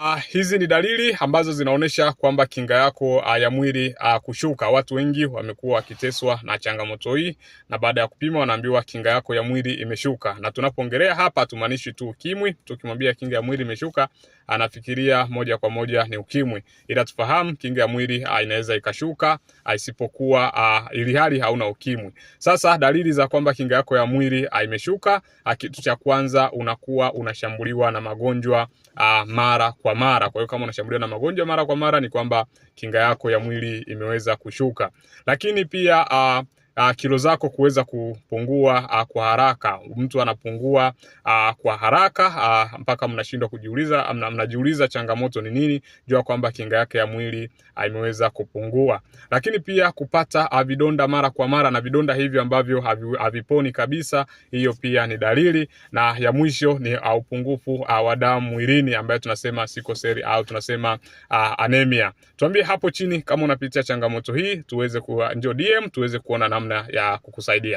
Uh, hizi ni dalili ambazo zinaonyesha kwamba kinga yako uh, ya mwili uh, kushuka. Watu wengi wamekuwa wakiteswa na changamoto hii, na baada ya kupima wanaambiwa kinga yako ya mwili imeshuka. Na tunapoongelea hapa tumaanishi tu ukimwi. Tukimwambia kinga ya mwili imeshuka, anafikiria moja kwa moja ni ukimwi, ila tufahamu kinga ya mwili uh, inaweza ikashuka uh, isipokuwa uh, ili hali hauna ukimwi. Sasa dalili za kwamba kinga yako ya mwili uh, imeshuka, uh, kitu cha kwanza unakuwa unashambuliwa na magonjwa uh, mara kwa mara. Kwa hiyo kama unashambuliwa na magonjwa mara kwa mara, ni kwamba kinga yako ya mwili imeweza kushuka, lakini pia uh, uh, kilo zako kuweza kupungua uh, kwa haraka. Mtu anapungua uh, kwa haraka uh, mpaka mnashindwa kujiuliza, mna, mnajiuliza changamoto ni nini? Jua kwamba kinga yake ya mwili uh, imeweza kupungua. Lakini pia kupata uh, vidonda mara kwa mara na vidonda hivyo ambavyo haviponi kabisa, hiyo pia ni dalili. Na ya mwisho ni uh, upungufu uh, wa damu mwilini ambayo tunasema siko seri au uh, tunasema uh, anemia. Tuambie hapo chini kama unapitia changamoto hii, tuweze ku, njoo DM tuweze kuona namna namna ya kukusaidia.